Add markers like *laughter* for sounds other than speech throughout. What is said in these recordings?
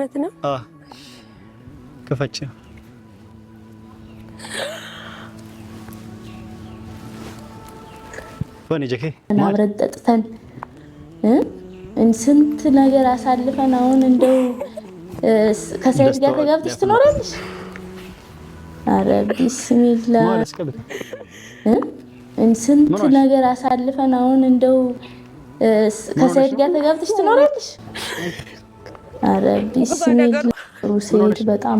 እውነት ነው። ክፈች። አብረን ጠጥተን ስንት ነገር አሳልፈን አሁን እንደው ከሰይድ ጋር ተጋብተሽ ትኖራለሽ? አረ ቢስሚላ ስንት ነገር አሳልፈን አሁን እንደው ከሰይድ ጋር ተጋብተሽ ትኖራለሽ? አረ ጥሩ ሴት በጣም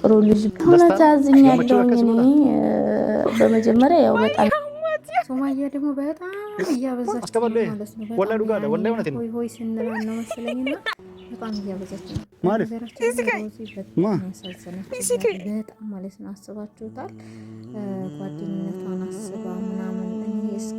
ጥሩ ልጅ ሁነት አዝኛለሁ። እኔ በመጀመሪያ ያው በጣም ሶማያ ደግሞ በጣም እያበዛች ማለት ነው። ሆይ ሆይ ነው መሰለኝና በጣም እያበዛች ነው በጣም ማለት ነው። አስባችሁታል ጓደኝነቷን አስባ ምናምን እስከ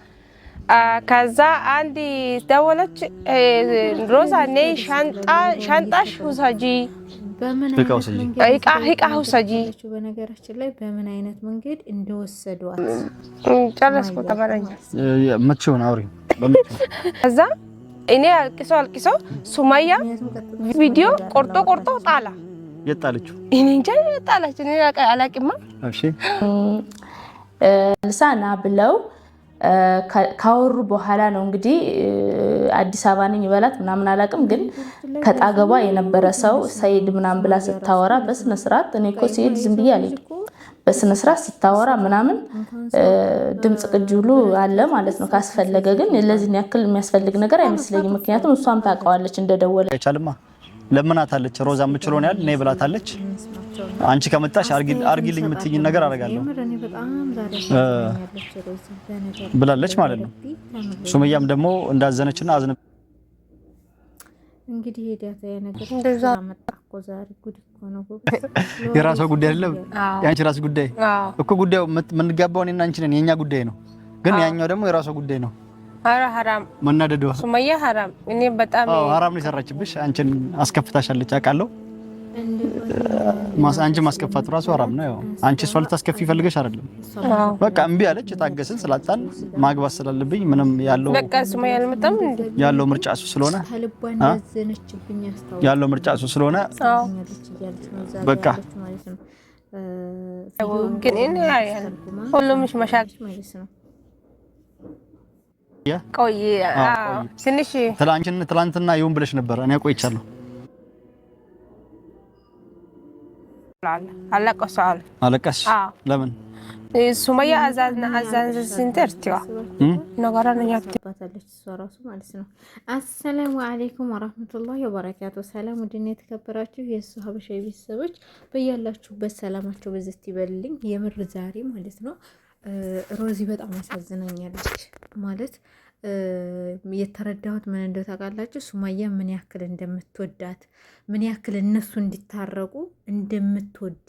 ከዛ አንድ ደወለች። ሮዛ እኔ ሻንጣሽ ውሰጂ፣ እቃ ውሰጂ። በነገራችን ላይ በምን አይነት መንገድ እንደወሰዷት ጨረስኩ። ተመረኛ መቼውን አውሪ። *laughs* ከዛ እኔ አልቅሶ አልቅሶ ሱማያ ቪዲዮ ቆርጦ ቆርጦ ጣላ። የጣለችው እኔ እንጃ የጣለች እኔ አላቅማ ልሳና ብለው ካወሩ በኋላ ነው እንግዲህ አዲስ አበባ ነኝ ይበላት ምናምን አላውቅም፣ ግን ከጣገቧ የነበረ ሰው ሰይድ ምናምን ብላ ስታወራ በስነስርዓት እኔ እኮ ሲሄድ ዝም ብዬ አልሄድኩም በስነስርዓት ስታወራ ምናምን ድምፅ ቅጅ ሁሉ አለ ማለት ነው። ካስፈለገ ግን ለዚህ ያክል የሚያስፈልግ ነገር አይመስለኝም። ምክንያቱም እሷም ታውቀዋለች እንደደወለ አይቻልማ ለምናታለች። ሮዛ የምችለውን ያህል እኔ ብላታለች። አንቺ ከመጣሽ አርጊልኝ የምትይኝን ነገር አደርጋለሁ ብላለች ማለት ነው። ሱመያም ደግሞ እንዳዘነችና አዝነ እንግዲህ የራሷ ጉዳይ አይደለም የአንቺ ራስ ጉዳይ እኮ ጉዳዩ የምንጋባው እኔና አንቺ ነን። የኛ ጉዳይ ነው፣ ግን ያኛው ደግሞ የራሷ ጉዳይ ነው። ኧረ ሀራም መናደዱ ሱመያ ሀራም። እኔ በጣም ሀራም ነው የሰራችብሽ። አንቺን አስከፍታሻለች አውቃለሁ። አንቺ ማስከፋት ራሱ አራም ነው። ያው አንቺ እሷ ልታስከፊ ፈልገሽ አይደለም። በቃ እምቢ አለች። የታገስን ስላጣን ማግባት ስላለብኝ ምንም ያለው በቃ ስማ ያለው ምርጫ እሱ ስለሆነ ያለው ምርጫ እሱ ስለሆነ በቃ ግን እኔ ሁሉም መሻቅ ትላንትና ይሁን ብለሽ ነበር። እኔ ቆይቻለሁ አለቀሰዋል። አለቀስሽ? ለምን? ሱመያ አዛንዘሲንተርቲዋ ነገራነኛባታለች እሷ ራሱ ማለት ነው። አሰላሙ አሌይኩም ወራህመቱላሂ ወበረካቱ። ሰላም ውድና የተከበራችሁ የእሱ ሀበሻ ቤተሰቦች በያላችሁበት ሰላማቸው በዘት ይበልልኝ። የምር ዛሬ ማለት ነው ሮዚ በጣም አሳዝናኛለች ማለት የተረዳሁት ምን እንደው ታውቃላችሁ፣ ሱማያ ምን ያክል እንደምትወዳት ምን ያክል እነሱ እንዲታረቁ እንደምትወድ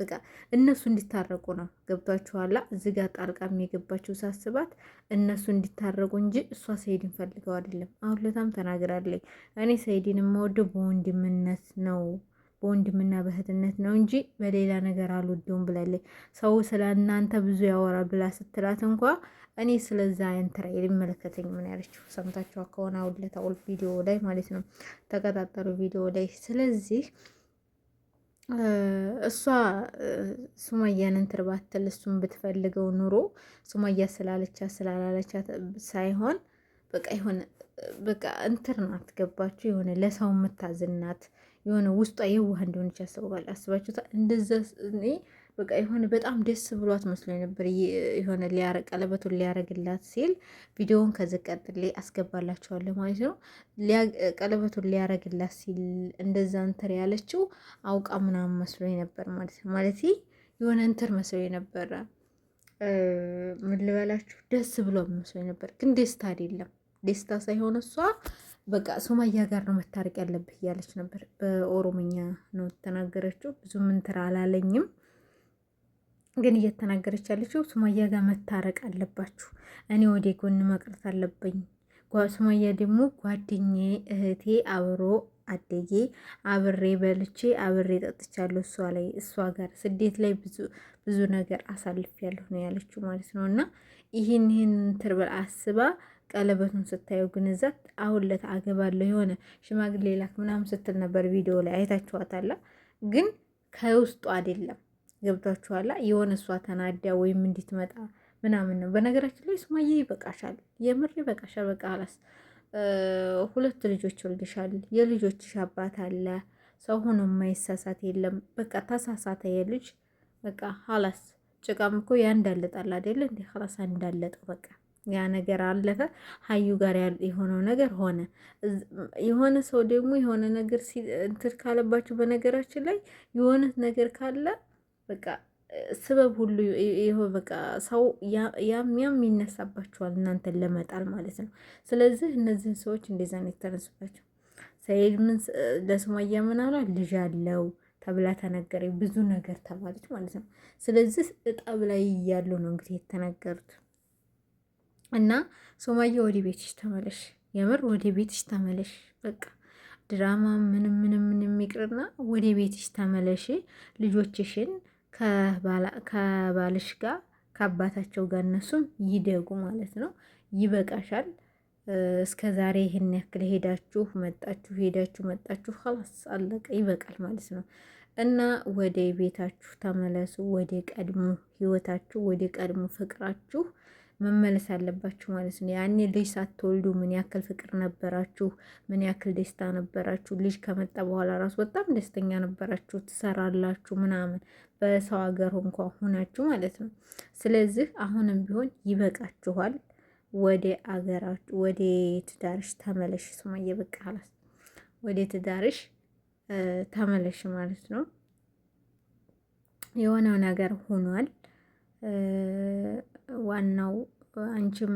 በቃ እነሱ እንዲታረቁ ነው። ገብቷችኋላ? እዚህ ጋር ጣልቃ የገባችው ሳስባት እነሱ እንዲታረቁ እንጂ እሷ ሰይድን ፈልገው አይደለም። አሁን ለታም ተናግራለኝ እኔ ሰይድን የምወደው በወንድምነት ነው በወንድምና በእህትነት ነው እንጂ በሌላ ነገር አልወደውም ብላለች። ሰው ስለ እናንተ ብዙ ያወራል ብላ ስትላት እንኳ እኔ ስለዛ ንትራ የሚመለከተኝ ምን ያለችው ሰምታችኋ ከሆነ አውለታ ቪዲዮ ላይ ማለት ነው ተቀጣጠሩ ቪዲዮ ላይ ስለዚህ እሷ ሱማያን እንትር ባትል እሱም ብትፈልገው ኑሮ ሱማያ ስላለቻት ስላላለቻት ሳይሆን በቃ የሆነ በቃ እንትር ናት ገባችሁ የሆነ ለሰው የምታዝናት የሆነ ውስጧ የዋህ እንደሆነች ያስባል። አስባችሁታ እንደዛ እኔ በቃ የሆነ በጣም ደስ ብሏት መስሎኝ ነበር። የሆነ ሊያረ ቀለበቱን ሊያረግላት ሲል ቪዲዮውን ከዚህ ቀጥሌ አስገባላችኋለሁ ማለት ነው። ቀለበቱን ሊያረግላት ሲል እንደዛ እንትር ያለችው አውቃ ምናምን መስሎኝ ነበር ማለት ነው። ማለት የሆነ እንትር መስሎኝ ነበረ። ምን ልበላችሁ፣ ደስ ብሎ መስሎኝ ነበር፣ ግን ደስታ አይደለም። ደስታ ሳይሆን እሷ በቃ ሶማያ ጋር ነው መታረቅ ያለብህ እያለች ነበር። በኦሮምኛ ነው የተናገረችው። ብዙ ምንትር አላለኝም፣ ግን እየተናገረች ያለችው ሶማያ ጋር መታረቅ አለባችሁ፣ እኔ ወደ ጎን መቅረት አለብኝ። ሶማያ ደግሞ ጓደኛዬ፣ እህቴ፣ አብሮ አደጌ፣ አብሬ በልቼ አብሬ ጠጥቻለሁ። እሷ ላይ እሷ ጋር ስደት ላይ ብዙ ብዙ ነገር አሳልፍ ያለሁ ነው ያለችው ማለት ነው እና ይህን ይህን ትርብል አስባ ቀለበቱን ስታየው ግን እዛ አሁን ለት አገባለሁ የሆነ ሽማግሌ ላክ ምናምን ስትል ነበር ቪዲዮ ላይ አይታችኋታላ። ግን ከውስጡ አይደለም ገብቷችኋላ። የሆነ እሷ ተናዳ ወይም እንድትመጣ ምናምን ነው። በነገራችን ላይ ሱማዬ ይበቃሻል፣ የምር ይበቃሻል። በቃ አላስ ሁለት ልጆች ወልድሻል፣ የልጆችሽ አባት አለ። ሰው ሆኖ የማይሳሳት የለም። በቃ ተሳሳተ የልጅ በቃ አላስ ጭቃም እኮ ያ እንዳለጣል አደለ እንዲ ሀላስ እንዳለጠው በቃ ያ ነገር አለፈ። ሀዩ ጋር የሆነው ነገር ሆነ። የሆነ ሰው ደግሞ የሆነ ነገር እንትን ካለባችሁ፣ በነገራችን ላይ የሆነ ነገር ካለ በቃ ስበብ ሁሉ ይኸው በቃ ሰው ያም ያም ይነሳባችኋል እናንተን ለመጣል ማለት ነው። ስለዚህ እነዚህን ሰዎች እንደዛ ነው የተነሱባቸው። ሰይድ ምን ለሱማያ ምን አሏ? ልጅ አለው ተብላ ተነገረ። ብዙ ነገር ተባለች ማለት ነው። ስለዚህ እጣብ ላይ እያሉ ነው እንግዲህ የተነገሩት። እና ሱመያ ወደ ቤትሽ ተመለሽ፣ የምር ወደ ቤትሽ ተመለሽ። በቃ ድራማ ምንም ምንም ምንም ይቅርና ወደ ቤትሽ ተመለሽ። ልጆችሽን ከባልሽ ጋር ከአባታቸው ጋር እነሱም ይደጉ ማለት ነው። ይበቃሻል። እስከ ዛሬ ይህን ያክል ሄዳችሁ መጣችሁ፣ ሄዳችሁ መጣችሁ፣ ኸላስ አለቀ፣ ይበቃል ማለት ነው። እና ወደ ቤታችሁ ተመለሱ፣ ወደ ቀድሞ ህይወታችሁ፣ ወደ ቀድሞ ፍቅራችሁ መመለስ አለባችሁ ማለት ነው። ያኔ ልጅ ሳትወልዱ ምን ያክል ፍቅር ነበራችሁ? ምን ያክል ደስታ ነበራችሁ? ልጅ ከመጣ በኋላ ራሱ በጣም ደስተኛ ነበራችሁ፣ ትሰራላችሁ ምናምን በሰው ሀገር እንኳ ሁናችሁ ማለት ነው። ስለዚህ አሁንም ቢሆን ይበቃችኋል። ወደ አገራችሁ ወደ ትዳርሽ ተመለሽ። ሱመያ በቃ ወደ ትዳርሽ ተመለሽ ማለት ነው። የሆነው ነገር ሆኗል። ዋናው አንቺም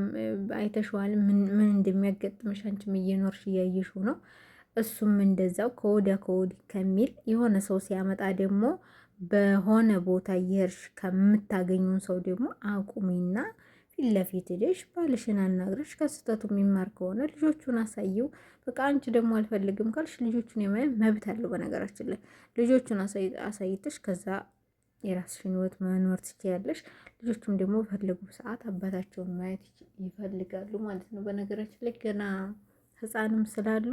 አይተሽዋል ምን እንደሚያጋጥምሽ አንቺም እየኖርሽ እያየሽው ነው። እሱም እንደዛው ከወዲያ ከወዲ ከሚል የሆነ ሰው ሲያመጣ ደግሞ በሆነ ቦታ እየሄድሽ ከምታገኙን ሰው ደግሞ አቁሚና ፊት ለፊት ሄደሽ ባልሽን አናግረሽ ከስህተቱ የሚማር ከሆነ ልጆቹን አሳየው። በቃ አንቺ ደግሞ አልፈልግም ካልሽ ልጆቹን የማየ መብት አለው። በነገራችን ላይ ልጆቹን አሳይተሽ ከዛ የራስሽን ህይወት መኖር ትችያለሽ። ልጆቹም ደግሞ በፈለጉ ሰዓት አባታቸውን ማየት ይፈልጋሉ ማለት ነው። በነገራችን ላይ ገና ህፃንም ስላሉ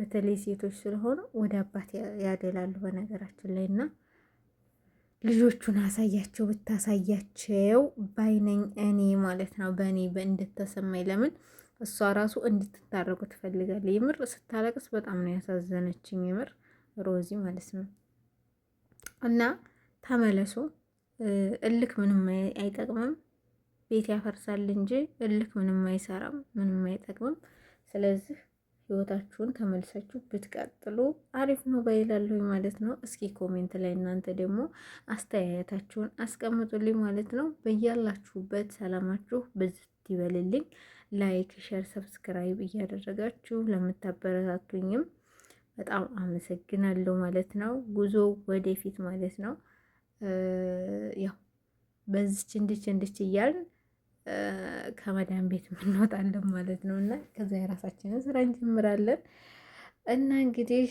በተለይ ሴቶች ስለሆኑ ወደ አባት ያደላሉ። በነገራችን ላይ እና ልጆቹን አሳያቸው ብታሳያቸው ባይነኝ እኔ ማለት ነው። በእኔ እንደተሰማኝ ለምን እሷ ራሱ እንድትታረቁ ትፈልጋለች። የምር ስታለቅስ በጣም ነው ያሳዘነችኝ። የምር ሮዚ ማለት ነው እና ተመለሱ። እልክ ምንም አይጠቅምም፣ ቤት ያፈርሳል እንጂ እልክ ምንም አይሰራም፣ ምንም አይጠቅምም። ስለዚህ ህይወታችሁን ተመልሳችሁ ብትቀጥሉ አሪፍ ነው ባይላለሁ ማለት ነው። እስኪ ኮሜንት ላይ እናንተ ደግሞ አስተያየታችሁን አስቀምጡልኝ ማለት ነው። በያላችሁበት ሰላማችሁ በዝት ይበልልኝ። ላይክ፣ ሸር፣ ሰብስክራይብ እያደረጋችሁ ለምታበረታቱኝም በጣም አመሰግናለሁ ማለት ነው። ጉዞ ወደፊት ማለት ነው። ያው በዚች እንድች እንድች እያልን ከመዳን ቤት የምንወጣለን ማለት ነው። እና ከዛ የራሳችንን ስራ እንጀምራለን። እና እንግዲህ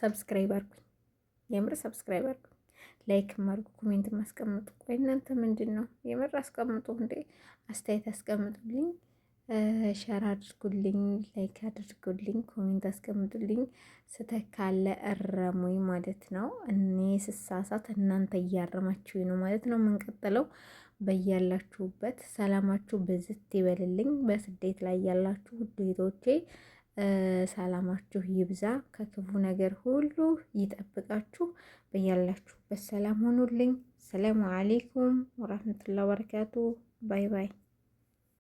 ሰብስክራይብ አርጉኝ፣ የምር ሰብስክራይብ አርጉኝ፣ ላይክም አርጉ፣ ኮሜንትም አስቀምጡ። ቆይ እናንተ ምንድን ነው የምር አስቀምጡ እንዴ፣ አስተያየት አስቀምጡልኝ። ሸር አድርጉልኝ፣ ላይክ አድርጉልኝ፣ ኮሜንት አስቀምጡልኝ። ስተት ካለ እረሙኝ ማለት ነው። እኔ ስሳሳት እናንተ እያረማችሁኝ ነው ማለት ነው። የምንቀጥለው በያላችሁበት ሰላማችሁ ብዝት ይበልልኝ። በስደት ላይ ያላችሁ ውዴቶቼ ሰላማችሁ ይብዛ፣ ከክፉ ነገር ሁሉ ይጠብቃችሁ። በያላችሁበት ሰላም ሆኑልኝ። ሰላሙ አሌይኩም ወራህመቱላ በረካቱ። ባይ ባይ